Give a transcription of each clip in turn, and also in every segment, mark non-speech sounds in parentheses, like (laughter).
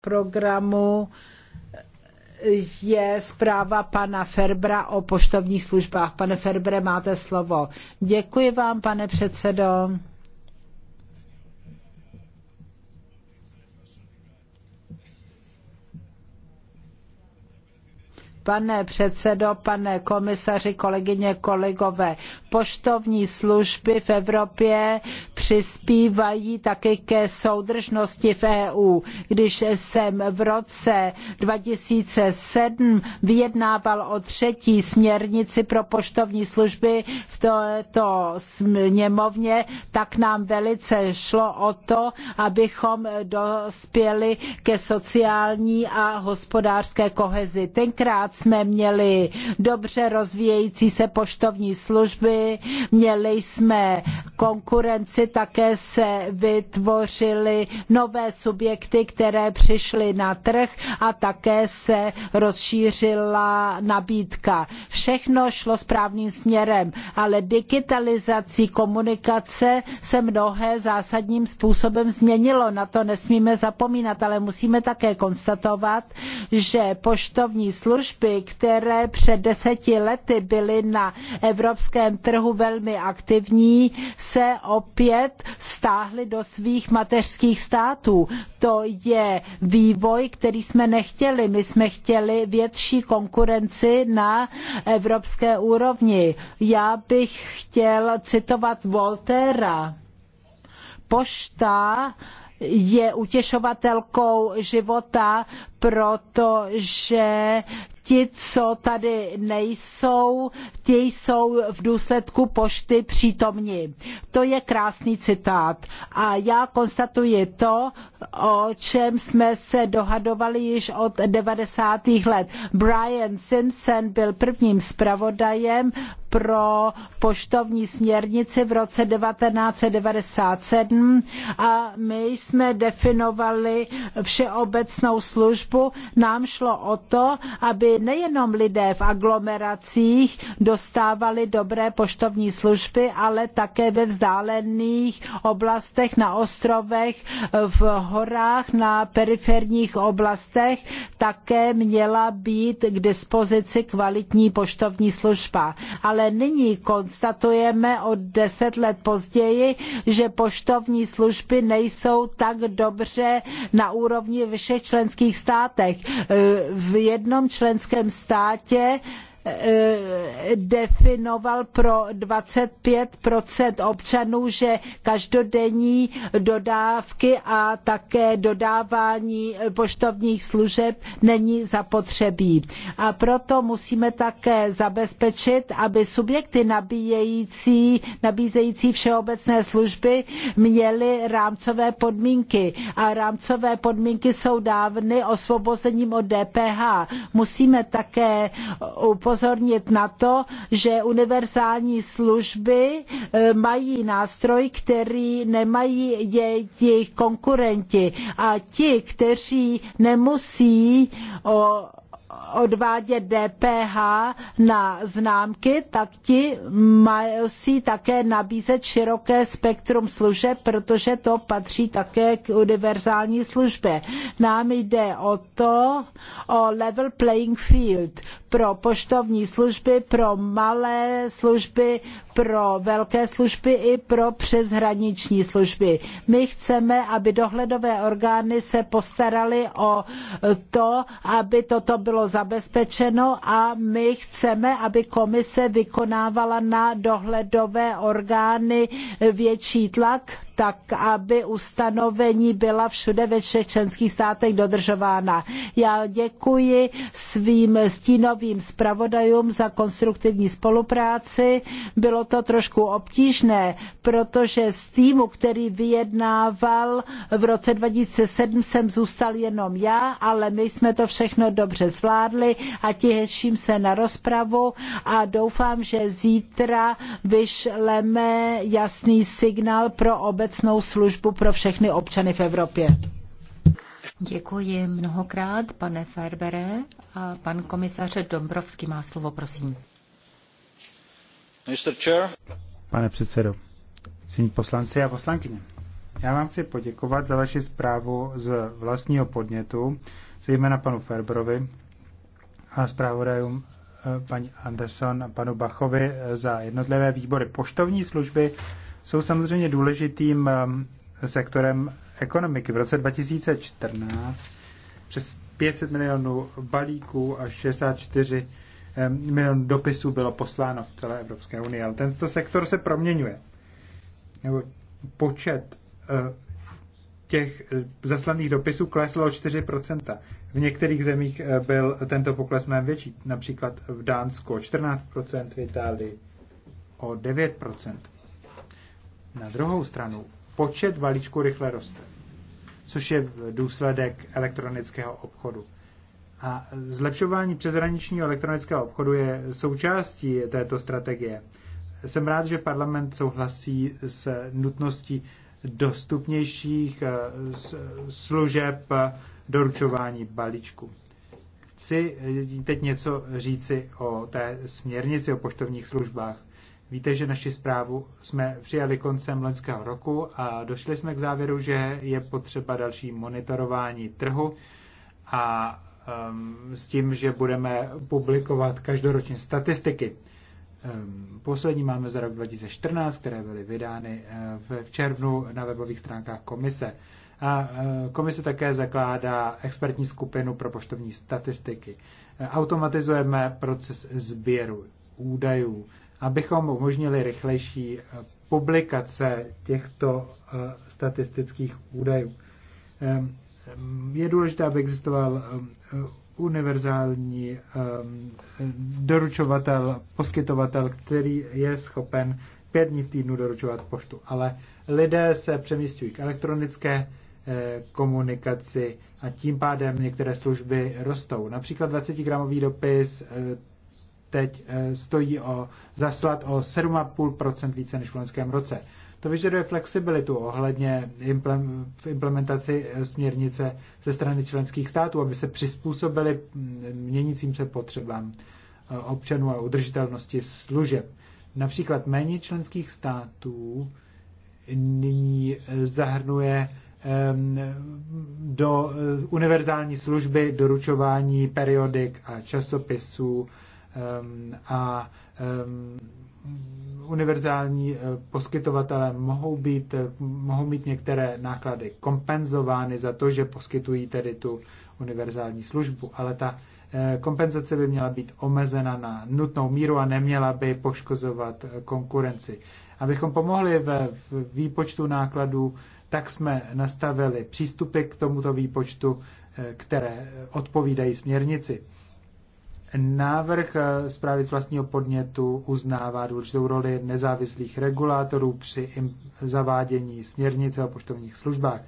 programu je zpráva pana Ferbra o poštovních službách. Pane Ferbre, máte slovo. Děkuji vám, pane předsedo. Pane předsedo, pane komisaři, kolegyně, kolegové, poštovní služby v Evropě přispívají také ke soudržnosti v EU. Když jsem v roce 2007 vyjednával o třetí směrnici pro poštovní služby v této sněmovně, tak nám velice šlo o to, abychom dospěli ke sociální a hospodářské kohezi. Tenkrát jsme měli dobře rozvíjející se poštovní služby, měli jsme konkurenci, také se vytvořily nové subjekty, které přišly na trh a také se rozšířila nabídka. Všechno šlo správným směrem, ale digitalizací komunikace se mnohé zásadním způsobem změnilo. Na to nesmíme zapomínat, ale musíme také konstatovat, že poštovní služby výroby, které před deseti lety byly na evropském trhu velmi aktivní, se opět stáhly do svých mateřských států. To je vývoj, který jsme nechtěli. My jsme chtěli větší konkurenci na evropské úrovni. Já bych chtěl citovat Voltera. Pošta je utěšovatelkou života protože ti, co tady nejsou, ti jsou v důsledku pošty přítomni. To je krásný citát. A já konstatuji to, o čem jsme se dohadovali již od 90. let. Brian Simpson byl prvním zpravodajem pro poštovní směrnici v roce 1997 a my jsme definovali všeobecnou službu službu nám šlo o to, aby nejenom lidé v aglomeracích dostávali dobré poštovní služby, ale také ve vzdálených oblastech, na ostrovech, v horách, na periferních oblastech také měla být k dispozici kvalitní poštovní služba. Ale nyní konstatujeme o deset let později, že poštovní služby nejsou tak dobře na úrovni všech členských států státech. Eh, v jednom členském státě definoval pro 25 občanů, že každodenní dodávky a také dodávání poštovních služeb není zapotřebí. A proto musíme také zabezpečit, aby subjekty nabíjející, nabízející všeobecné služby měly rámcové podmínky. A rámcové podmínky jsou dávny osvobozením od DPH. Musíme také upozornit, upozornit na to, že univerzální služby e, mají nástroj, který nemají jejich konkurenti a ti, kteří nemusí o odvádět DPH na známky, tak ti musí také nabízet široké spektrum služeb, protože to patří také k univerzální službě. Nám jde o to, o level playing field pro poštovní služby, pro malé služby, pro velké služby i pro přeshraniční služby. My chceme, aby dohledové orgány se postaraly o to, aby toto bylo bylo zabezpečeno a my chceme, aby komise vykonávala na dohledové orgány větší tlak, tak aby ustanovení byla všude ve všech členských státech dodržována. Já děkuji svým stínovým zpravodajům za konstruktivní spolupráci. Bylo to trošku obtížné, protože z týmu, který vyjednával v roce 2007, jsem zůstal jenom já, ale my jsme to všechno dobře zvládli a těším se na rozpravu a doufám, že zítra vyšleme jasný signál pro obec všeobecnou službu pro všechny občany v Evropě. Děkuji mnohokrát, pane Ferbere. A pan komisař Dombrovský má slovo, prosím. Pane předsedo, cení poslanci a poslankyně, já vám chci poděkovat za vaši zprávu z vlastního podnětu, zejména panu Ferberovi a zpravodajům eh, paní Anderson a panu Bachovi eh, za jednotlivé výbory. Poštovní služby jsou samozřejmě důležitým um, sektorem ekonomiky. V roce 2014 přes 500 milionů balíků a 64 um, milionů dopisů bylo posláno v celé Evropské unii. Ale tento sektor se proměňuje. Nebo počet uh, těch uh, zaslaných dopisů klesl o 4%. V některých zemích uh, byl tento pokles mnohem větší, například v Dánsku o 14%, v Itálii o 9%. Na druhou stranu počet balíčků rychle roste, což je důsledek elektronického obchodu. A zlepšování přeshraničního elektronického obchodu je součástí této strategie. Jsem rád, že parlament souhlasí s nutností dostupnějších eh, služeb eh, doručování balíčku. Chci eh, teď něco říci o té směrnici o poštovních službách. Víte, že naši zprávu jsme přijali koncem loňského roku a došli jsme k závěru, že je potřeba další monitorování trhu a um, s tím, že budeme publikovat každoročně statistiky. Um, poslední máme za rok 2014, které byly vydány uh, v, v červnu na webových stránkách komise. A uh, komise také zakládá expertní skupinu pro poštovní statistiky. Uh, automatizujeme proces sběru údajů abychom umožnili rychlejší eh, publikace těchto eh, statistických údajů. Ehm, je důležité, aby existoval ehm, eh, univerzální ehm, doručovatel, poskytovatel, který je schopen pět dní v týdnu doručovat poštu. Ale lidé se přemístují k elektronické komunikaci a tím pádem některé služby rostou. Například 20-gramový dopis teď eh, stojí o zaslat o 7,5% více než v loňském roce. To vyžaduje flexibilitu ohledně v implementaci eh, směrnice ze strany členských států, aby se přizpůsobili mm, měnícím se potřebám eh, občanů a udržitelnosti služeb. Například méně členských států nyní zahrnuje do univerzální služby doručování periodik a časopisů Ehm, a ehm, univerzální eh, poskytovatelé mohou, být, eh, mohou mít některé náklady kompenzovány za to, že poskytují tedy tu univerzální službu, ale ta eh, kompenzace by měla být omezena na nutnou míru a neměla by poškozovat konkurenci. Abychom pomohli ve výpočtu nákladů, tak jsme nastavili přístupy k tomuto výpočtu, které odpovídají směrnici. Návrh eh, zprávy z vlastního podnětu uznává důležitou roli nezávislých regulátorů při zavádění směrnice o poštovních službách.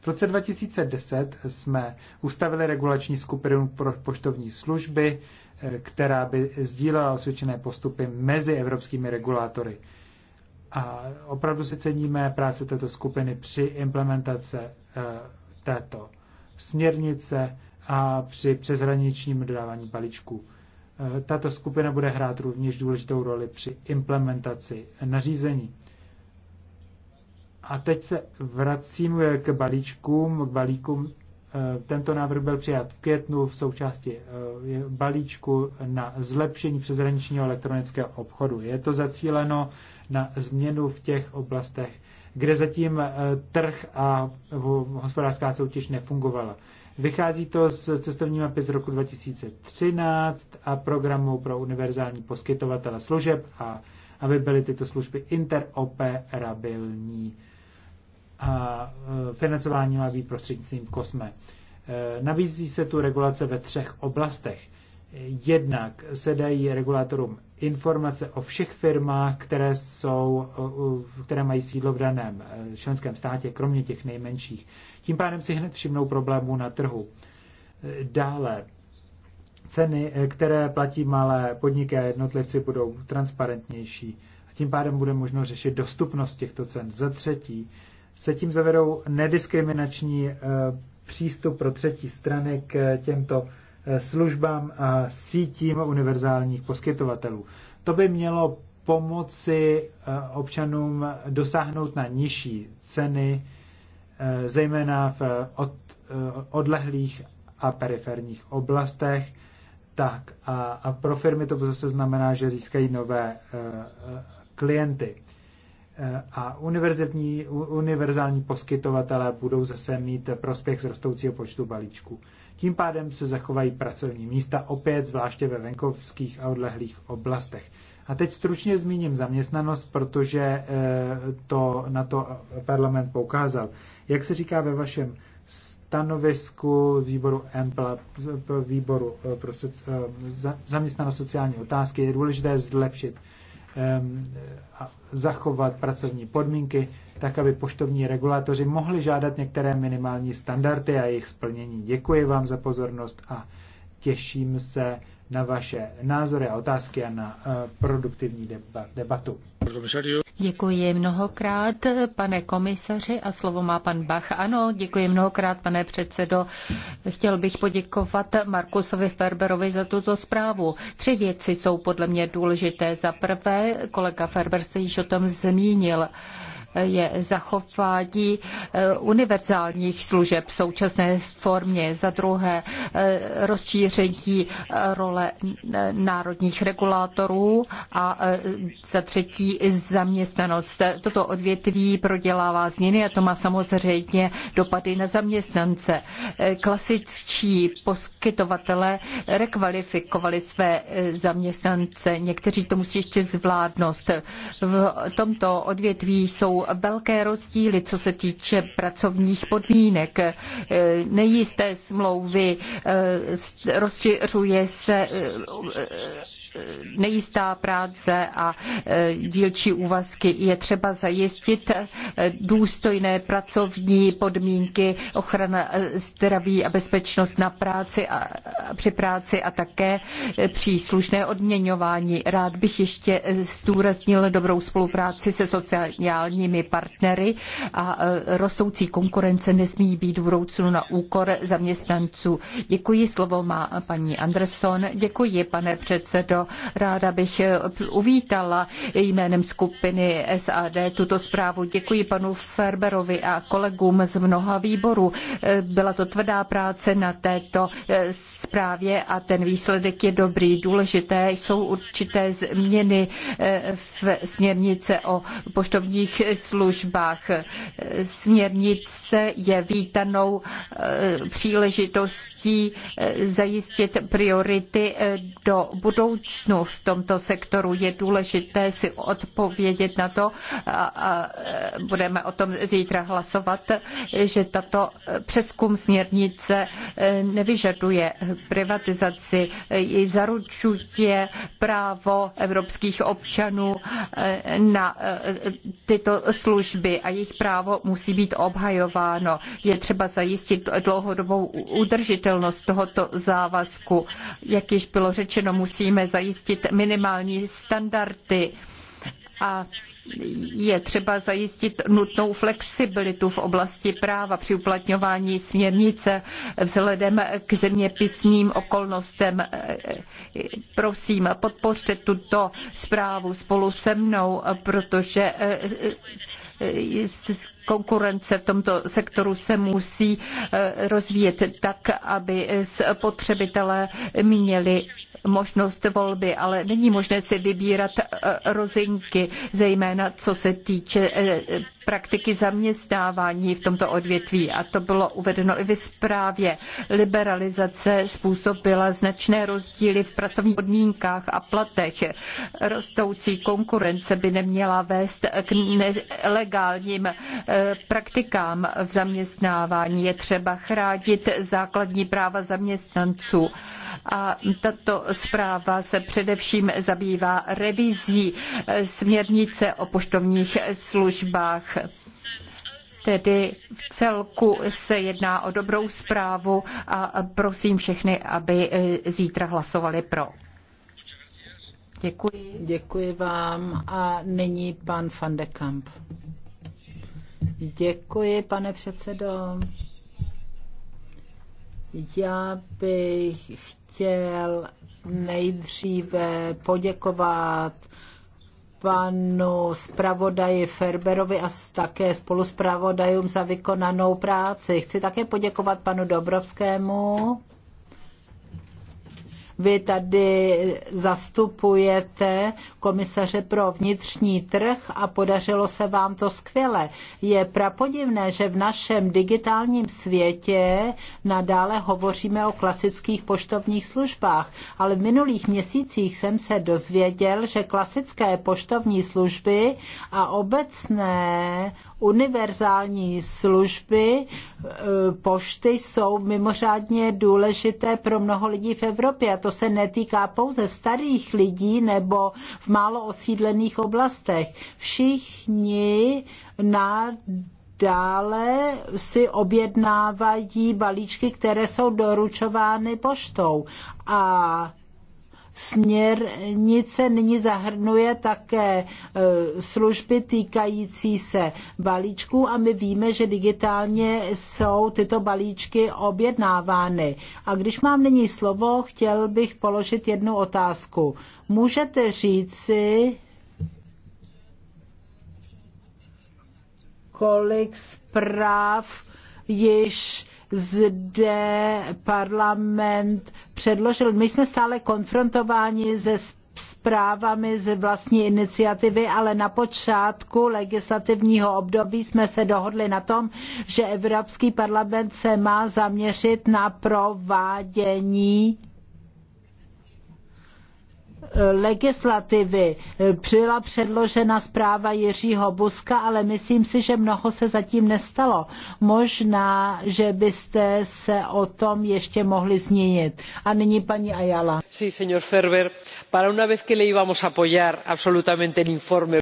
V roce 2010 jsme ustavili regulační skupinu pro poštovní služby, eh, která by sdílela osvědčené postupy mezi evropskými regulátory. A opravdu si ceníme práce této skupiny při implementace eh, této směrnice a při přeshraničním dodávání balíčků. E, tato skupina bude hrát rovněž důležitou roli při implementaci nařízení. A teď se vracím k balíčkům. K balíkům. E, tento návrh byl přijat v květnu v součásti e, balíčku na zlepšení přeshraničního elektronického obchodu. Je to zacíleno na změnu v těch oblastech, kde zatím trh a hospodářská soutěž nefungovala. Vychází to z cestovní mapy z roku 2013 a programu pro univerzální poskytovatele služeb a aby byly tyto služby interoperabilní. A e, financování má být prostřednictvím kosme. E, nabízí se tu regulace ve třech oblastech. Jednak se dají regulátorům informace o všech firmách, které, jsou, které mají sídlo v daném e, členském státě, kromě těch nejmenších. Tím pádem si hned všimnou problémů na trhu. E, dále, ceny, e, které platí malé podniky a jednotlivci, budou transparentnější. A tím pádem bude možno řešit dostupnost těchto cen. Za třetí, se tím zavedou nediskriminační přístup pro třetí strany k těmto Eh, službám a sítím univerzálních poskytovatelů. To by mělo pomoci eh, občanům dosáhnout na nižší ceny, eh, zejména v od, odlehlých a periferních oblastech. Tak a, a pro firmy to zase znamená, že získají nové klienty a univerzitní, univerzální poskytovatelé budou zase mít prospěch z rostoucího počtu balíčků. Tím pádem se zachovají pracovní místa opět, zvláště ve venkovských a odlehlých oblastech. A teď stručně zmíním zaměstnanost, protože eh, to na to parlament poukázal. Jak se říká ve vašem stanovisku výboru EMPL, eh, výboru eh, pro zaměstnanost sociální otázky, je důležité zlepšit zachovat pracovní podmínky, tak aby poštovní regulátoři mohli žádat některé minimální standardy a jejich splnění. Děkuji vám za pozornost a těším se na vaše názory a otázky a na eh, produktivní debatu. Děkuji mnohokrát, pane komisaři, a slovo má pan Bach. Ano, děkuji mnohokrát, pane předsedo. Chtěl bych poděkovat Markusovi Ferberovi za tuto zprávu. Tři věci jsou podle mě důležité. Za prvé, kolega Ferber se již o tom zmínil je zachování eh, univerzálních služeb v současné formě, za druhé eh, rozšíření eh, role národních regulátorů a za třetí zaměstnanost. Toto odvětví prodělává změny a to má samozřejmě dopady na zaměstnance. Klasičtí poskytovatele rekvalifikovali své zaměstnance, někteří to musí ještě zvládnout. V tomto odvětví jsou velké rozdíly, co se týče pracovních podmínek. E, nejisté smlouvy e, rozšiřuje se e, nejistá práce a e, dílčí úvazky. Je třeba zajistit e, důstojné pracovní podmínky, ochrana e, zdraví a bezpečnost na práci a při práci a také příslušné odměňování. Rád bych ještě zdůraznil dobrou spolupráci se sociálními partnery a rosoucí konkurence nesmí být v budoucnu na úkor zaměstnanců. Děkuji, slovo má paní Anderson. Děkuji, pane předsedo. Ráda bych eh, uvítala jménem skupiny SAD tuto zprávu. Děkuji panu Ferberovi a kolegům z mnoha výborů. Eh, byla to tvrdá práce na této eh, zprávě a ten výsledek je dobrý. Důležité jsou určité změny v směrnice o poštovních službách. Směrnice je vítanou příležitostí zajistit priority do budoucna začnu v tomto sektoru. Je důležité si odpovědět na to a, a e, budeme o tom zítra hlasovat, že tato e, přeskum směrnice e, nevyžaduje privatizaci, zaručuje právo evropských občanů na tyto služby a jejich právo musí být obhajováno. Je třeba zajistit dlouhodobou udržitelnost tohoto závazku. Jak již bylo řečeno, musíme zajistit zajistit minimální standardy a je třeba zajistit nutnou flexibilitu v oblasti práva při uplatňování směrnice vzhledem k zeměpisným okolnostem. Prosím, podpořte tuto zprávu spolu se mnou, protože eh, konkurence v tomto sektoru se musí eh, rozvíjet tak, aby spotřebitelé měli možnost volby, ale není možné si vybírat eh, rozinky, zejména co se týče eh, praktiky zaměstnávání v tomto odvětví. A to bylo uvedeno i ve zprávě. Liberalizace způsobila značné rozdíly v pracovních podmínkách a platech. Rostoucí konkurence by neměla vést k nelegálním eh, praktikám v zaměstnávání. Je třeba chránit základní práva zaměstnanců. A tato zpráva se především zabývá revizí eh, směrnice o poštovních službách Tedy v celku se jedná o dobrou zprávu a prosím všechny, aby e, zítra hlasovali pro. Děkuji. Děkuji vám a nyní pan van de Kamp. Děkuji, pane předsedo. Já bych chtěl nejdříve poděkovat panu zpravodaji Ferberovi a také spoluzpravodajům za vykonanou práci. Chci také poděkovat panu Dobrovskému vy tady zastupujete komisaře pro vnitřní trh a podařilo se vám to skvěle. Je prapodivné, že v našem digitálním světě nadále hovoříme o klasických poštovních službách, ale v minulých měsících jsem se dozvěděl, že klasické poštovní služby a obecné univerzální služby e, pošty jsou mimořádně důležité pro mnoho lidí v Evropě. A to to se netýká pouze starých lidí nebo v málo osídlených oblastech. Všichni na Dále si objednávají balíčky, které jsou doručovány poštou. A Směrnice nyní zahrnuje také e, služby týkající se balíčků a my víme, že digitálně jsou tyto balíčky objednávány. A když mám nyní slovo, chtěl bych položit jednu otázku. Můžete říci, kolik zpráv již zde parlament předložil. My jsme stále konfrontováni se zprávami z vlastní iniciativy, ale na počátku legislativního období jsme se dohodli na tom, že Evropský parlament se má zaměřit na provádění legislativy byla předložena zpráva Jiřího Buska, ale myslím si, že mnoho se zatím nestalo. Možná, že byste se o tom ještě mohli změnit. A nyní paní Ayala. Sí, señor Ferber, para una vez que le íbamos a apoyar absolutamente el informe.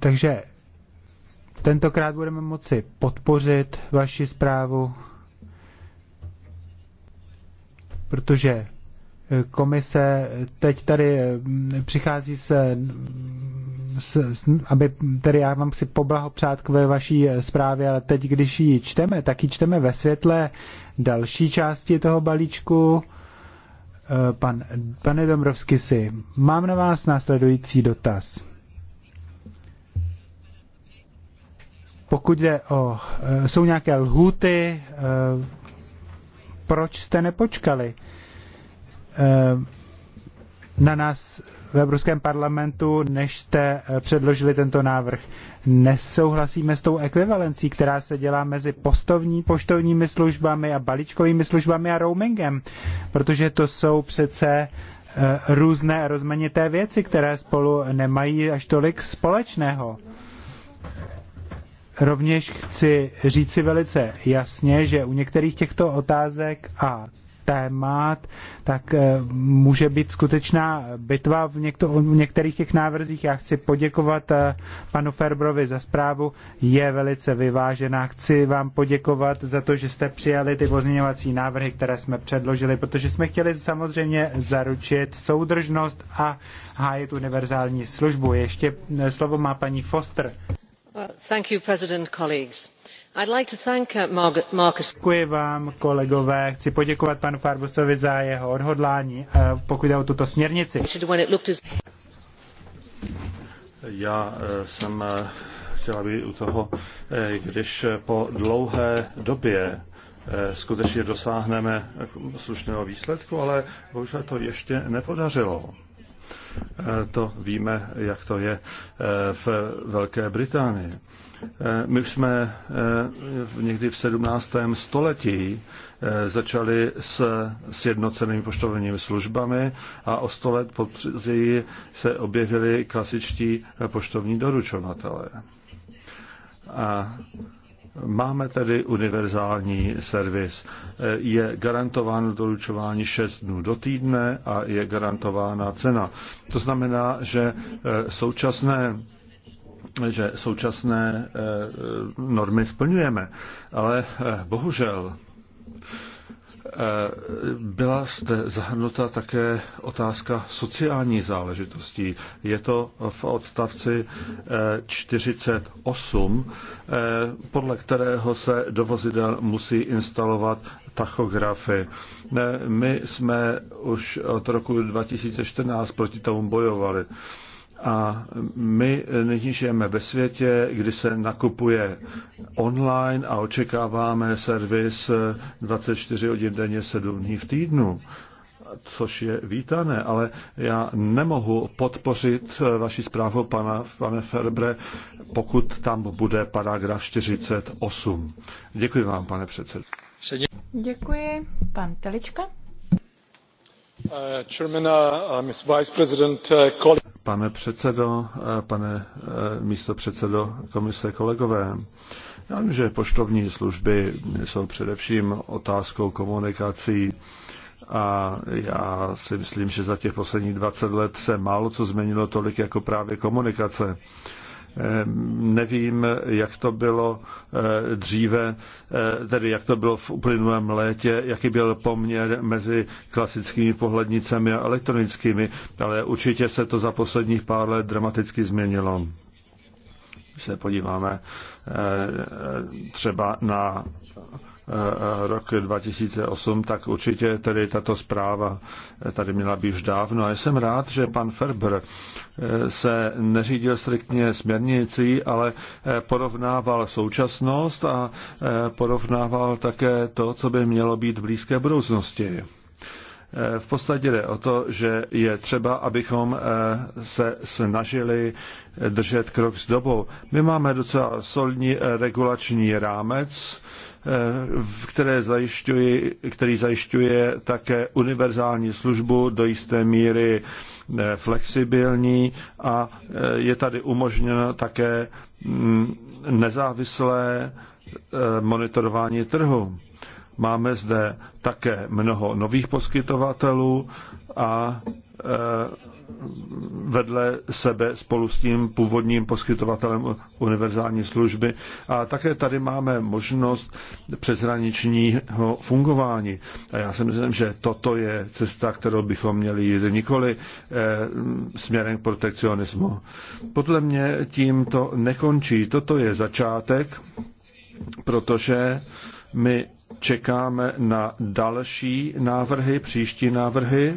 Takže tentokrát budeme moci podpořit vaši zprávu, protože komise teď tady mm, přichází se, s, s, aby tedy já vám chci poblahopřát k vaší zprávě, ale teď, když ji čteme, tak ji čteme ve světle další části toho balíčku. Eh, pan, pane Dombrovsky si, mám na vás následující dotaz. Pokud jde o, eh, jsou nějaké lhuty, eh, proč jste nepočkali? Eh, na nás v Evropském parlamentu, než jste eh, předložili tento návrh. Nesouhlasíme s tou ekvivalencí, která se dělá mezi postovní, poštovními službami a balíčkovými službami a roamingem, protože to jsou přece eh, různé a rozmanité věci, které spolu nemají až tolik společného. Rovněž chci říci velice jasně, že u některých těchto otázek a témat, tak eh, může být skutečná bitva v, někto, v některých těch návrzích. Já chci poděkovat eh, panu Ferbrovi za zprávu, je velice vyvážená. Chci vám poděkovat za to, že jste přijali ty pozměňovací návrhy, které jsme předložili, protože jsme chtěli samozřejmě zaručit soudržnost a hájit univerzální službu. Ještě eh, slovo má paní Foster. Well, thank you, President, colleagues Uh, Děkuji vám, kolegové. Chci poděkovat panu Farbusovi za jeho odhodlání, eh, pokud jde o tuto směrnici. Já eh, jsem eh, chtěla být u toho, když po dlouhé době skutečně dosáhneme slušného výsledku, ale bohužel to ještě nepodařilo. Eh, to víme, jak to je eh, v Velké Británii. Eh, my jsme někdy v 17. století začali s sjednocenými poštovními službami a o 100 let později se objevili klasičtí poštovní doručovatelé. A Máme tedy univerzální servis. Je garantováno doručování 6 dnů do týdne a je garantována cena. To znamená, že eh, současné že současné eh, normy splňujeme. Ale eh, bohužel Eh, byla zde zahrnuta také otázka sociální záležitostí. Je to v odstavci 48, eh, eh, podle kterého se do vozidel musí instalovat tachografy. My jsme už od roku 2014 proti tomu bojovali. A my eh, nyní žijeme ve světě, kdy se nakupuje online a očekáváme servis 24 eh, hodin denně, 7 dní v týdnu což je vítané, ale já nemohu podpořit eh, vaši zprávu, pana, pane Ferbre, pokud tam bude paragraf 48. Děkuji vám, pane předsedo. Děkuji. Pan Telička. Uh, uh, uh, pane předsedo, pane místo komise kolegové, já vím, že poštovní služby jsou především otázkou komunikací a já si myslím, že za těch posledních 20 let se málo co změnilo tolik jako právě komunikace. Ehm, nevím, jak to bylo eh, dříve, eh, tedy jak to bylo v uplynulém létě, jaký byl poměr mezi klasickými pohlednicemi a elektronickými, ale určitě se to za posledních pár let dramaticky změnilo. Když se podíváme eh, třeba na Eh, eh, rok 2008, tak určitě tedy tato zpráva eh, tady měla být už dávno. A jsem rád, že pan Ferber se neřídil striktně směrnicí, ale porovnával současnost a porovnával také to, co by mělo být v blízké budoucnosti. V podstatě jde o to, že je třeba, abychom se snažili držet krok s dobou. My máme docela solidní regulační rámec, které zajišťuje, který zajišťuje také univerzální službu do jisté míry eh, flexibilní a eh, je tady umožněno také mm, nezávislé eh, monitorování trhu. Máme zde také mnoho nových poskytovatelů a Eh, vedle sebe spolu s tím původním poskytovatelem univerzální služby. A také tady máme možnost přeshraničního fungování. A já si myslím, že toto je cesta, kterou bychom měli jít nikoli eh, směrem k protekcionismu. Podle mě tím to nekončí. Toto je začátek, protože my čekáme na další návrhy, příští návrhy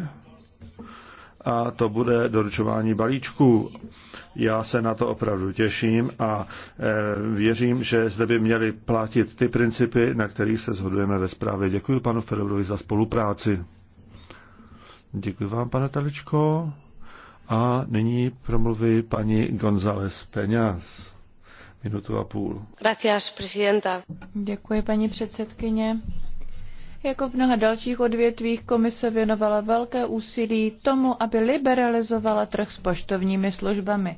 a to bude doručování balíčků. Já se na to opravdu těším a e, věřím, že zde by měly platit ty principy, na kterých se shodujeme ve zprávě. Děkuji panu Fedorovi za spolupráci. Děkuji vám, pane Taličko. A nyní promluví paní González Peňaz. Minutu a půl. Gracias, presidenta. Děkuji, paní předsedkyně. Jako v mnoha dalších odvětvích komise věnovala velké úsilí tomu, aby liberalizovala trh s poštovními službami.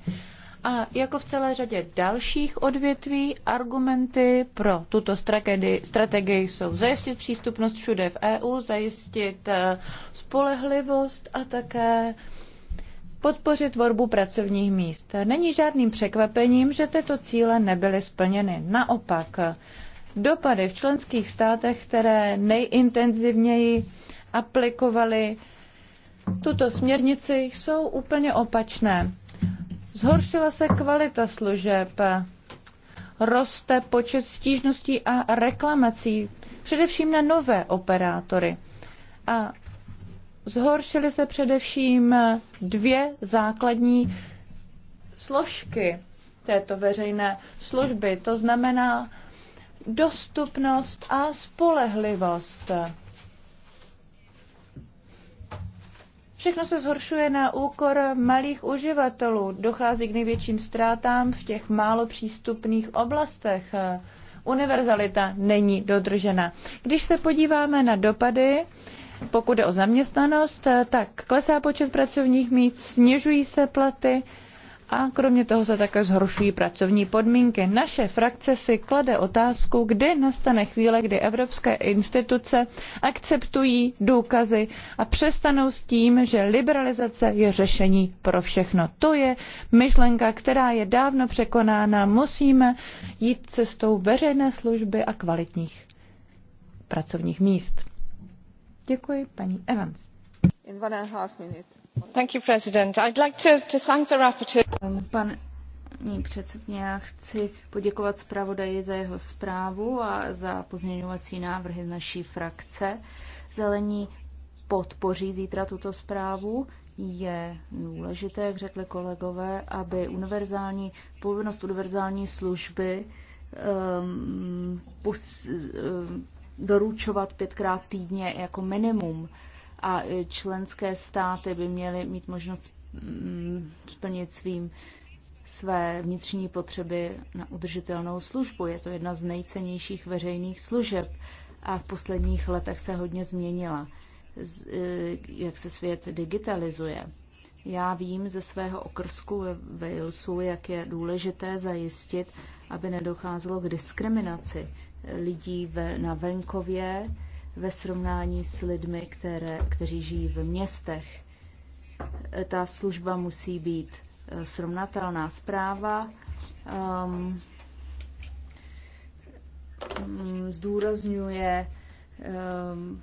A jako v celé řadě dalších odvětví, argumenty pro tuto strategii jsou zajistit přístupnost všude v EU, zajistit eh, spolehlivost a také podpořit tvorbu pracovních míst. Není žádným překvapením, že tyto cíle nebyly splněny. Naopak, dopady v členských státech, které nejintenzivněji aplikovaly tuto směrnici, jsou úplně opačné. Zhoršila se kvalita služeb, roste počet stížností a reklamací, především na nové operátory. A zhoršily se především dvě základní složky této veřejné služby, to znamená dostupnost a spolehlivost. Všechno se zhoršuje na úkor malých uživatelů. Dochází k největším ztrátám v těch málo přístupných oblastech. Univerzalita není dodržena. Když se podíváme na dopady, pokud je o zaměstnanost, tak klesá počet pracovních míst, snižují se platy a kromě toho se také zhoršují pracovní podmínky. Naše frakce si klade otázku, kdy nastane chvíle, kdy evropské instituce akceptují důkazy a přestanou s tím, že liberalizace je řešení pro všechno. To je myšlenka, která je dávno překonána. Musíme jít cestou veřejné služby a kvalitních pracovních míst. Děkuji, paní Evans paní předsedající já chci poděkovat zpravodaji za jeho zprávu a za pozměňovací návrhy naší frakce. Zelení podpoří zítra tuto zprávu. Je důležité, jak řekli kolegové, aby univerzální, povinnost univerzální služby um, um, doručovat pětkrát týdně jako minimum a členské státy by měly mít možnost mm, splnit svým své vnitřní potřeby na udržitelnou službu. Je to jedna z nejcennějších veřejných služeb a v posledních letech se hodně změnila, e, jak se svět digitalizuje. Já vím ze svého okrsku ve Walesu, jak je důležité zajistit, aby nedocházelo k diskriminaci lidí ve, na venkově, ve srovnání s lidmi, které, kteří žijí v městech. Ta služba musí být eh, srovnatelná zpráva. Um, zdůrazňuje um,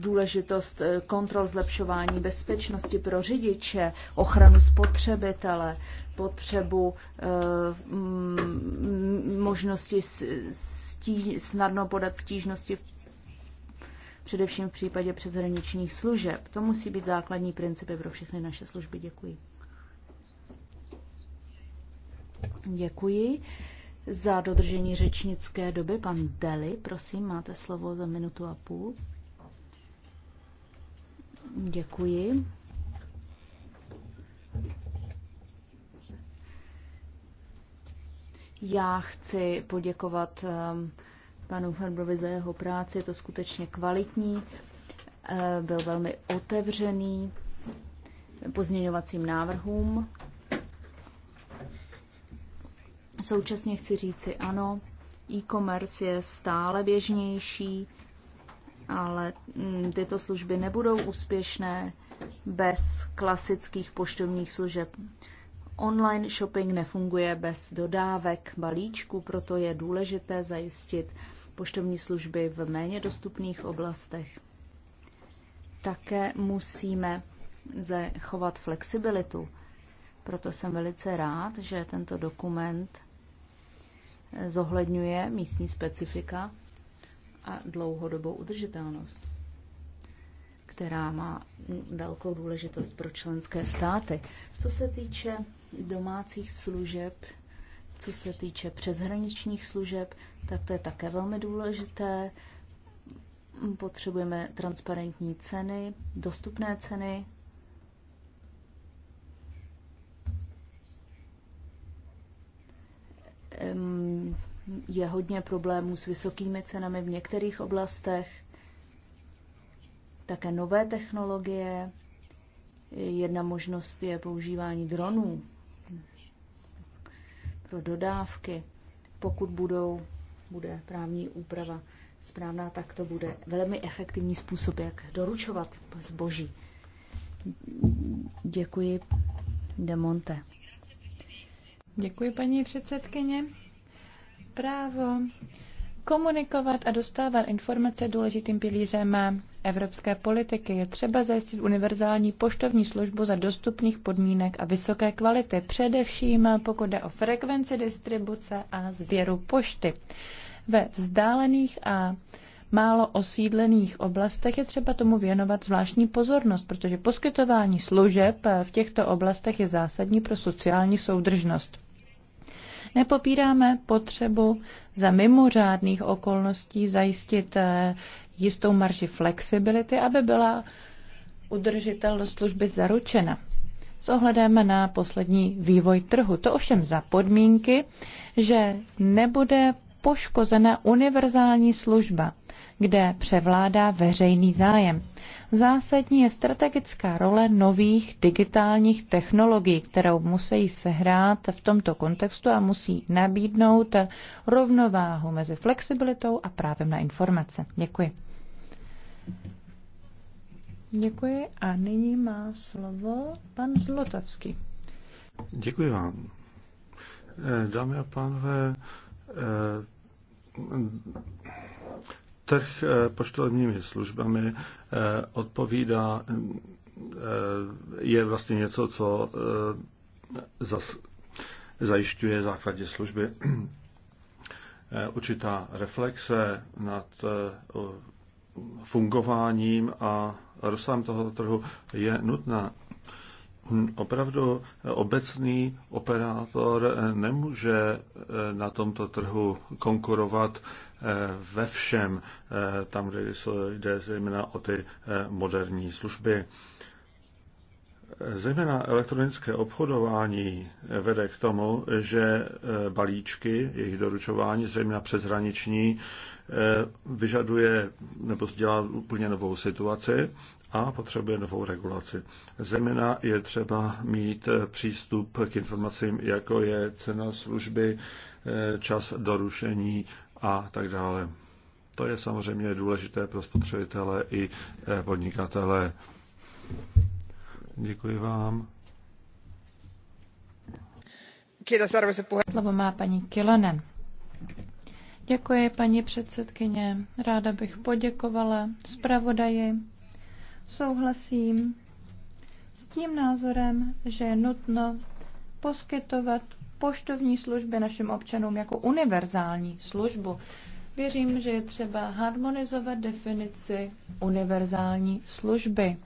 důležitost eh, kontrol zlepšování bezpečnosti pro řidiče, ochranu spotřebitele, potřebu um, možnosti stí, snadno podat stížnosti v především v případě přeshraničních služeb. To musí být základní principy pro všechny naše služby. Děkuji. Děkuji za dodržení řečnické doby. Pan Deli, prosím, máte slovo za minutu a půl. Děkuji. Já chci poděkovat ehm, panu Farbrovi za jeho práci, je to skutečně kvalitní, eh, byl velmi otevřený pozměňovacím návrhům. Současně chci říci ano, e-commerce je stále běžnější, ale mm, tyto služby nebudou úspěšné bez klasických poštovních služeb. Online shopping nefunguje bez dodávek balíčku, proto je důležité zajistit poštovní služby v méně dostupných oblastech. Také musíme zachovat flexibilitu. Proto jsem velice rád, že tento dokument zohledňuje místní specifika a dlouhodobou udržitelnost, která má velkou důležitost pro členské státy. Co se týče domácích služeb, co se týče přeshraničních služeb, tak to je také velmi důležité. Potřebujeme transparentní ceny, dostupné ceny. Je hodně problémů s vysokými cenami v některých oblastech, také nové technologie. Jedna možnost je používání dronů pro dodávky, pokud budou, bude právní úprava správná, tak to bude velmi efektivní způsob, jak doručovat zboží. Děkuji, Demonte. Děkuji, paní předsedkyně. Právo komunikovat a dostávat informace důležitým pilířem evropské politiky. Je třeba zajistit univerzální poštovní službu za dostupných podmínek a vysoké kvality, především pokud jde o frekvenci distribuce a sběru pošty. Ve vzdálených a málo osídlených oblastech je třeba tomu věnovat zvláštní pozornost, protože poskytování služeb v těchto oblastech je zásadní pro sociální soudržnost. Nepopíráme potřebu za mimořádných okolností zajistit eh, jistou marži flexibility, aby byla udržitelnost služby zaručena. S ohledem na poslední vývoj trhu. To ovšem za podmínky, že nebude poškozena univerzální služba, kde převládá veřejný zájem. Zásadní je strategická role nových digitálních technologií, kterou musí sehrát v tomto kontextu a musí nabídnout rovnováhu mezi flexibilitou a právem na informace. Děkuji. Děkuji a nyní má slovo pan Zlotavský. Děkuji vám. Eh, dámy a pánové, eh, trh eh, poštovními službami odpovídá, je vlastně něco, co zajišťuje základě služby (clears throat) určitá reflexe nad fungováním a rozsahem toho trhu je nutná. Opravdu obecný operátor nemůže eh, na tomto trhu konkurovat eh, ve všem, eh, tam, kde jde zejména o ty moderní služby. Zejména elektronické obchodování vede k tomu, že eh, balíčky, jejich doručování, zejména přeshraniční, eh, vyžaduje nebo dělá úplně novou situaci a potřebuje novou regulaci. Zejména je třeba mít eh, přístup k informacím, jako je cena služby, čas dorušení a tak dále. To je samozřejmě důležité pro spotřebitele i podnikatele. Děkuji vám. Slovo má paní Kilonen. Děkuji, paní předsedkyně. Ráda bych poděkovala zpravodaji. Souhlasím s tím názorem, že je nutno poskytovat poštovní služby našim občanům jako univerzální službu. Věřím, že je třeba harmonizovat definici univerzální služby.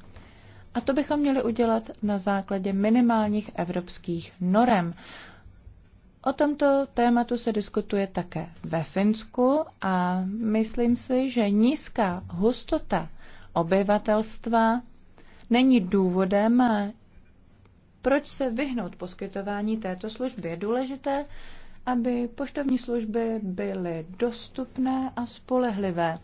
A to bychom měli udělat na základě minimálních evropských norem. O tomto tématu se diskutuje také ve Finsku a myslím si, že nízká hustota obyvatelstva není důvodem, proč se vyhnout poskytování této služby. Je důležité, aby poštovní služby byly dostupné a spolehlivé.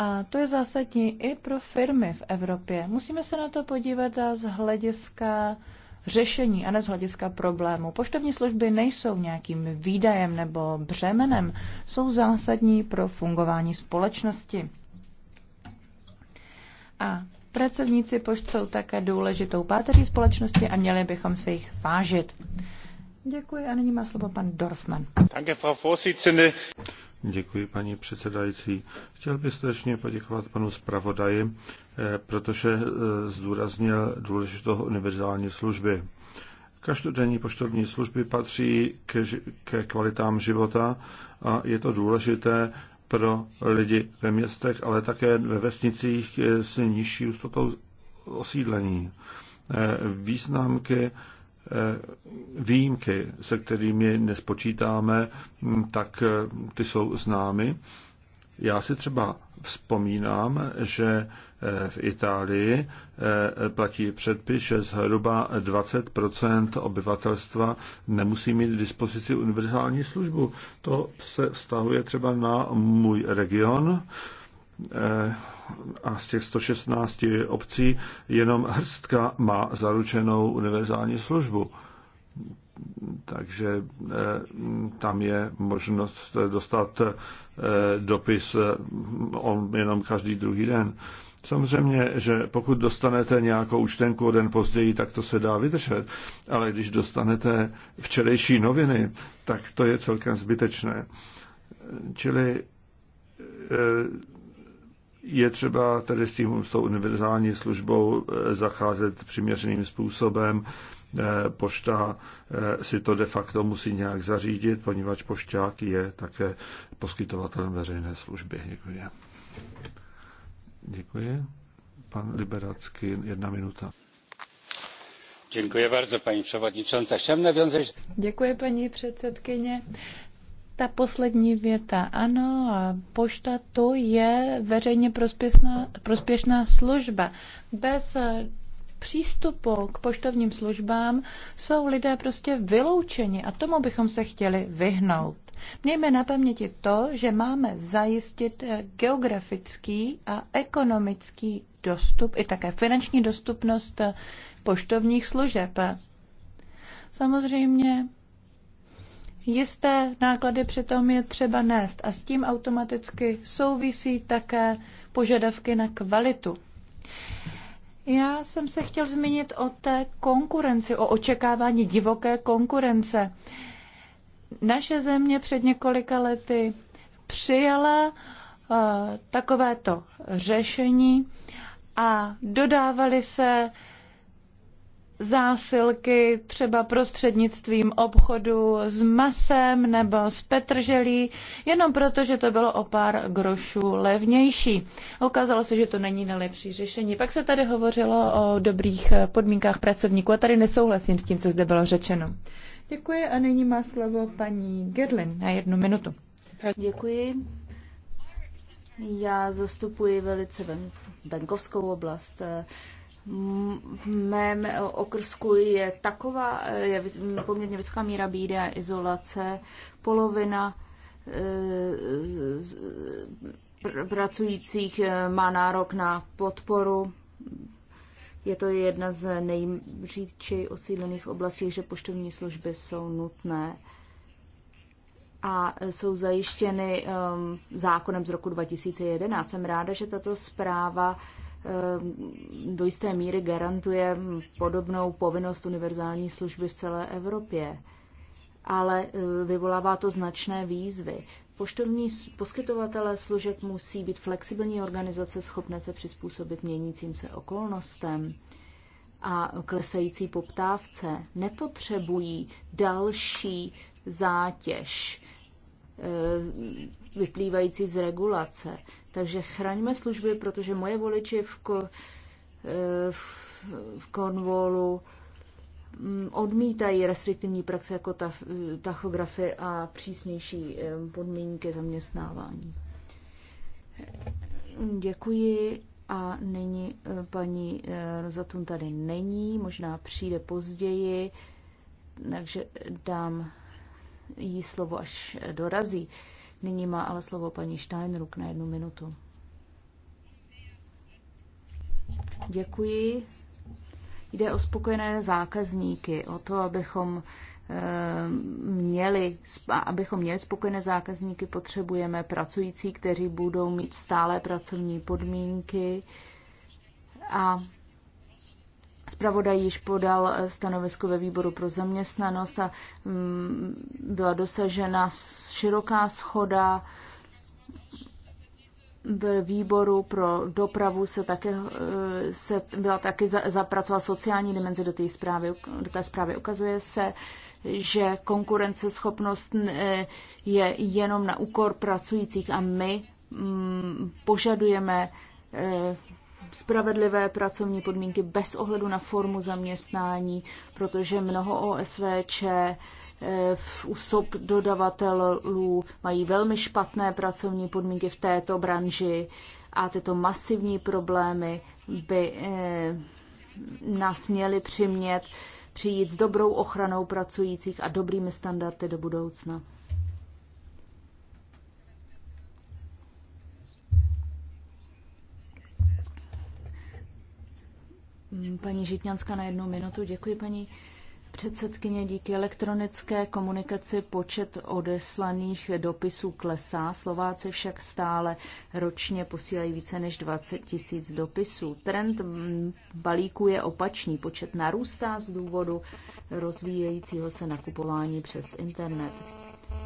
A to je zásadní i pro firmy v Evropě. Musíme se na to podívat a z hlediska řešení a ne z hlediska problému. Poštovní služby nejsou nějakým výdajem nebo břemenem, jsou zásadní pro fungování společnosti. A pracovníci pošt jsou také důležitou páteří společnosti a měli bychom se jich vážit. Děkuji a nyní má slovo pan Dorfman. Danke, Frau Děkuji, paní předsedající. Chtěl bych strašně poděkovat panu zpravodaji, eh, protože eh, zdůraznil důležitost univerzální služby. Každodenní poštovní služby patří ke, ke kvalitám života a je to důležité pro lidi ve městech, ale také ve vesnicích eh, s nižší hustotou osídlení. Významky Eh, výjimky, se kterými nespočítáme, hm, tak eh, ty jsou známy. Já si třeba vzpomínám, že eh, v Itálii platí předpis, že zhruba 20 obyvatelstva nemusí mít k dispozici univerzální službu. To se vztahuje třeba na můj region, Eh, a z těch 116 obcí jenom hrstka má zaručenou univerzální službu. Takže eh, tam je možnost dostat eh, dopis on jenom každý druhý den. Samozřejmě, že pokud dostanete nějakou účtenku o den později, tak to se dá vydržet, ale když dostanete včerejší noviny, tak to je celkem zbytečné. Čili je třeba tedy s tím s tou univerzální službou eh, zacházet přiměřeným způsobem. Eh, pošta eh, si to de facto musí nějak zařídit, poněvadž pošťák je také poskytovatelem veřejné služby. Děkuji. Děkuji. Pan Liberacký, jedna minuta. Děkuji bardzo, paní předsedající. Děkuji, paní předsedkyně. Ta poslední věta, ano, a pošta to je veřejně prospěšná, prospěšná služba. Bez eh, přístupu k poštovním službám jsou lidé prostě vyloučeni a tomu bychom se chtěli vyhnout. Mějme na paměti to, že máme zajistit eh, geografický a ekonomický dostup i také finanční dostupnost eh, poštovních služeb. Samozřejmě Jisté náklady přitom je třeba nést a s tím automaticky souvisí také požadavky na kvalitu. Já jsem se chtěl zmínit o té konkurenci, o očekávání divoké konkurence. Naše země před několika lety přijala uh, takovéto řešení a dodávali se zásilky třeba prostřednictvím obchodu s masem nebo s petrželí, jenom proto, že to bylo o pár grošů levnější. Ukázalo se, že to není nejlepší řešení. Pak se tady hovořilo o dobrých podmínkách pracovníků a tady nesouhlasím s tím, co zde bylo řečeno. Děkuji a nyní má slovo paní Gerlin na jednu minutu. Děkuji. Já zastupuji velice venkovskou oblast v mém okrsku je taková, je poměrně vysoká míra bídy a izolace. Polovina e, pracujících e, má nárok na podporu. Je to jedna z nejřídčej osídlených oblastí, že poštovní služby jsou nutné a jsou zajištěny um, zákonem z roku 2011. Jsem ráda, že tato zpráva uh, Ehm, do jisté míry garantuje podobnou povinnost univerzální služby v celé Evropě. Ale eh, vyvolává to značné výzvy. Poštovní poskytovatelé služeb musí být flexibilní organizace schopné se přizpůsobit měnícím se okolnostem a klesající poptávce. Nepotřebují další zátěž eh, vyplývající z regulace. Takže chraňme služby, protože moje voliči v, ko, e, v, v Cornwallu mm, odmítají restriktivní praxe jako ta, e, tachografy a přísnější e, podmínky zaměstnávání. Děkuji a nyní paní Rozatun tady není, možná přijde později, takže dám jí slovo, až dorazí. Nyní má ale slovo paní Steinruck na jednu minutu. Děkuji. Jde o spokojené zákazníky, o to, abychom eh, měli, abychom měli spokojené zákazníky, potřebujeme pracující, kteří budou mít stále pracovní podmínky a Spravodaj již podal eh, stanovisko ve výboru pro zaměstnanost a mm, byla dosažena široká schoda. V výboru pro dopravu se také eh, se byla také zapracovala sociální dimenze do té zprávy. Do té zprávy ukazuje se, že konkurenceschopnost eh, je jenom na úkor pracujících a my mm, požadujeme spravedlivé pracovní podmínky bez ohledu na formu zaměstnání, protože mnoho OSVČ eh, u sob dodavatelů mají velmi špatné pracovní podmínky v této branži a tyto masivní problémy by eh, nás měly přimět přijít s dobrou ochranou pracujících a dobrými standardy do budoucna. Mm, paní Žitňanská na jednu minutu. Děkuji, paní předsedkyně. Díky elektronické komunikaci počet odeslaných dopisů klesá. Slováci však stále ročně posílají více než 20 tisíc dopisů. Trend mm, balíku je opačný. Počet narůstá z důvodu rozvíjejícího se nakupování přes internet.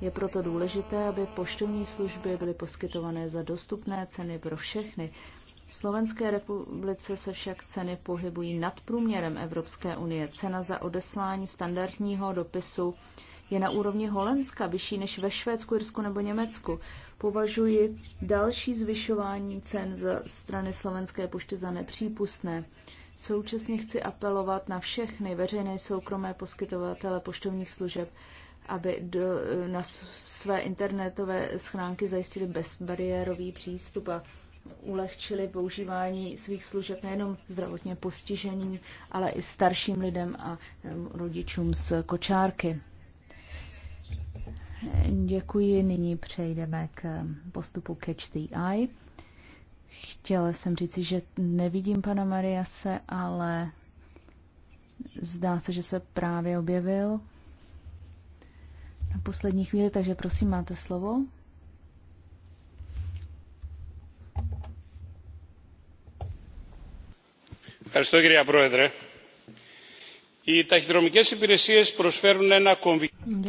Je proto důležité, aby poštovní služby byly poskytované za dostupné ceny pro všechny v Slovenské republice se však ceny pohybují nad průměrem Evropské unie. Cena za odeslání standardního dopisu je na úrovni Holandska vyšší než ve Švédsku, Irsku nebo Německu. Považuji další zvyšování cen ze strany slovenské pošty za nepřípustné. Současně chci apelovat na všechny veřejné soukromé poskytovatele poštovních služeb, aby do, na své internetové schránky zajistili bezbariérový přístup a ulehčili používání svých služeb nejenom zdravotně postiženým, ale i starším lidem a rodičům z kočárky. Děkuji. Nyní přejdeme k postupu Catch the Eye. Chtěla jsem říci, že nevidím pana Mariase, ale zdá se, že se právě objevil na poslední chvíli, takže prosím, máte slovo.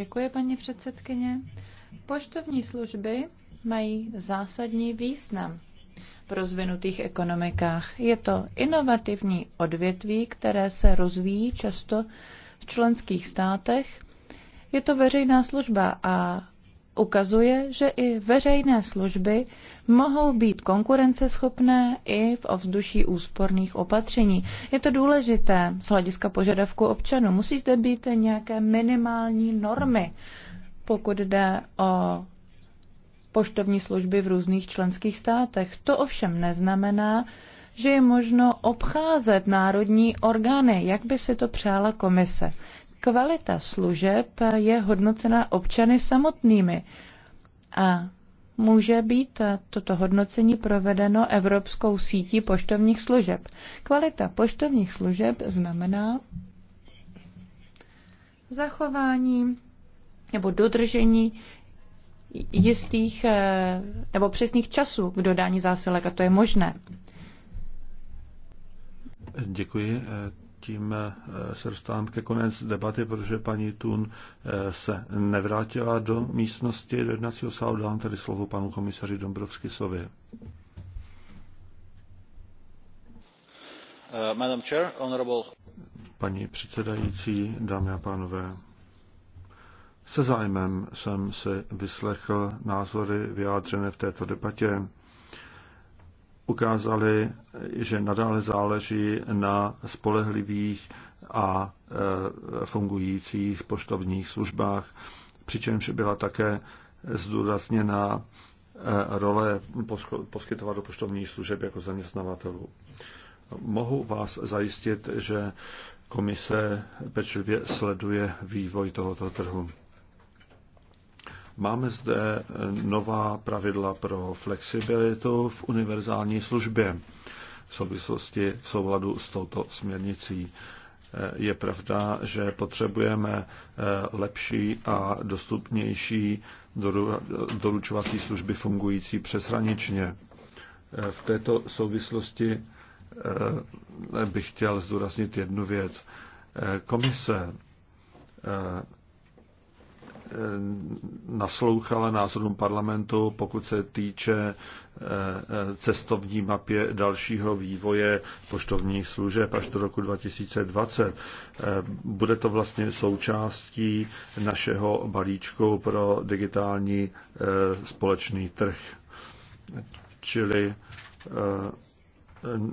Děkuji, paní předsedkyně. Poštovní služby mají zásadní význam v rozvinutých ekonomikách. Je to inovativní odvětví, které se rozvíjí často v členských státech. Je to veřejná služba a ukazuje, že i veřejné služby mohou být konkurenceschopné i v ovzduší úsporných opatření. Je to důležité z hlediska požadavku občanů. Musí zde být nějaké minimální normy, pokud jde o poštovní služby v různých členských státech. To ovšem neznamená, že je možno obcházet národní orgány, jak by si to přála komise. Kvalita služeb je hodnocena občany samotnými. A může být toto hodnocení provedeno Evropskou sítí poštovních služeb. Kvalita poštovních služeb znamená zachování nebo dodržení jistých eh, nebo přesných časů k dodání zásilek a to je možné. Děkuji tím eh, se dostávám ke konec debaty, protože paní Tun eh, se nevrátila do místnosti do jednacího sálu. Dám tedy slovo panu komisaři Dombrovskisovi. Eh, Madam Chair, honorable... Paní předsedající, dámy a pánové, se zájmem jsem si vyslechl názory vyjádřené v této debatě ukázali, že nadále záleží na spolehlivých a e, fungujících poštovních službách, přičemž byla také zdůrazněna e, role poskytovat do poštovních služeb jako zaměstnavatelů. Mohu vás zajistit, že komise pečlivě sleduje vývoj tohoto trhu. Máme zde eh, nová pravidla pro flexibilitu v univerzální službě v souvislosti v souladu s touto směrnicí. Eh, je pravda, že potřebujeme eh, lepší a dostupnější doručovací služby fungující přeshraničně. V této souvislosti bych chtěl zdůraznit jednu věc. Komise Eh, naslouchala názorům parlamentu, pokud se týče eh, cestovní mapě dalšího vývoje poštovních služeb až do roku 2020. Eh, bude to vlastně součástí našeho balíčku pro digitální společný trh. Čili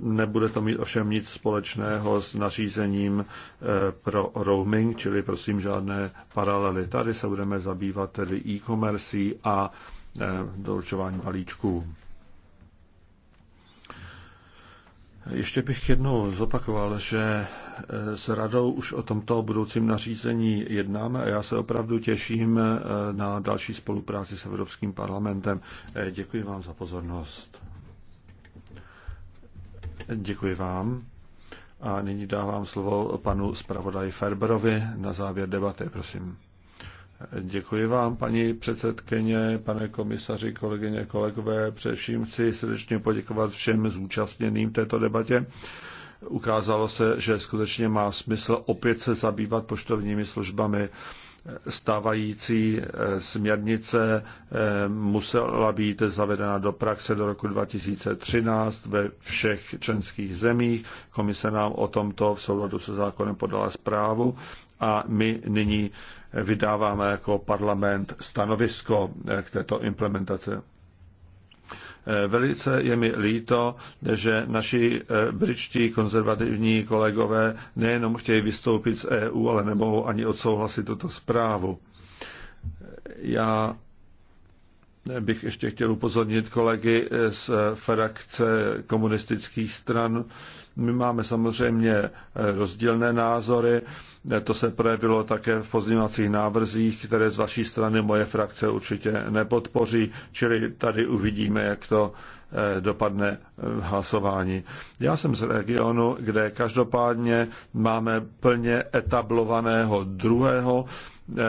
Nebude to mít ovšem nic společného s nařízením eh, pro roaming, čili prosím žádné paralely. Tady se budeme zabývat tedy e-commerce a eh, doručování balíčků. Ještě bych jednou zopakoval, že eh, s radou už o tomto budoucím nařízení jednáme a já se opravdu těším na další spolupráci s Evropským parlamentem. Děkuji vám za pozornost. Děkuji vám. A nyní dávám slovo panu zpravodaji Ferberovi na závěr debaty, prosím. Děkuji vám, paní předsedkyně, pane komisaři, kolegyně, kolegové. Především chci srdečně poděkovat všem zúčastněným této debatě. Ukázalo se, že skutečně má smysl opět se zabývat poštovními službami stávající eh, směrnice eh, musela být zavedena do praxe do roku 2013 ve všech členských zemích. Komise nám o tomto v souladu se zákonem podala zprávu a my nyní vydáváme jako parlament stanovisko eh, k této implementaci. Velice je mi líto, že naši eh, britští konzervativní kolegové nejenom chtějí vystoupit z EU, ale nemohou ani odsouhlasit tuto zprávu. Já bych ještě chtěl upozornit kolegy z frakce komunistických stran. My máme samozřejmě rozdílné názory. To se projevilo také v pozměňovacích návrzích, které z vaší strany moje frakce určitě nepodpoří. Čili tady uvidíme, jak to dopadne v hlasování. Já jsem z regionu, kde každopádně máme plně etablovaného druhého eh,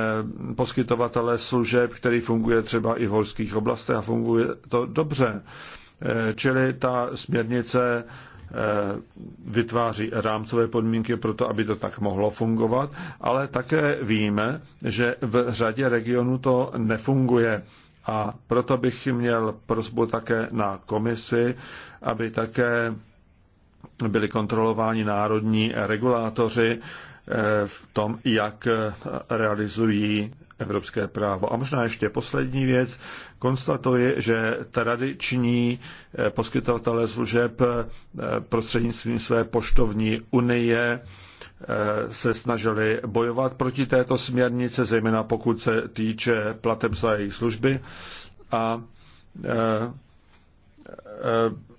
poskytovatele služeb, který funguje třeba i v horských oblastech a funguje to dobře. Eh, čili ta směrnice eh, vytváří rámcové podmínky pro to, aby to tak mohlo fungovat, ale také víme, že v řadě regionů to nefunguje. A proto bych měl prozbu také na komisi, aby také byli kontrolováni národní regulátoři eh, v tom, jak eh, realizují evropské právo. A možná ještě poslední věc. Konstatuji, že tradiční eh, poskytovatelé služeb prostřednictvím své poštovní unie Eh, se snažili bojovat proti této směrnice, zejména pokud se týče plateb za jejich služby. A eh, eh,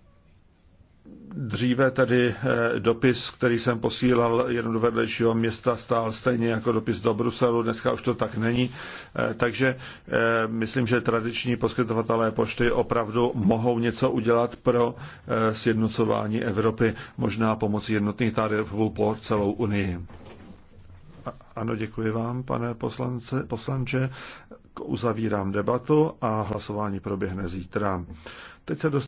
Dříve tedy eh, dopis, který jsem posílal jenom do vedlejšího města, stál stejně jako dopis do Bruselu, dneska už to tak není. Eh, takže eh, myslím, že tradiční poskytovatelé pošty opravdu mohou něco udělat pro sjednocování Evropy, možná pomocí jednotných tarifů po celou Unii. Ano, děkuji vám, pane poslance, poslanče. Uzavírám debatu a hlasování proběhne zítra. Teď se dost...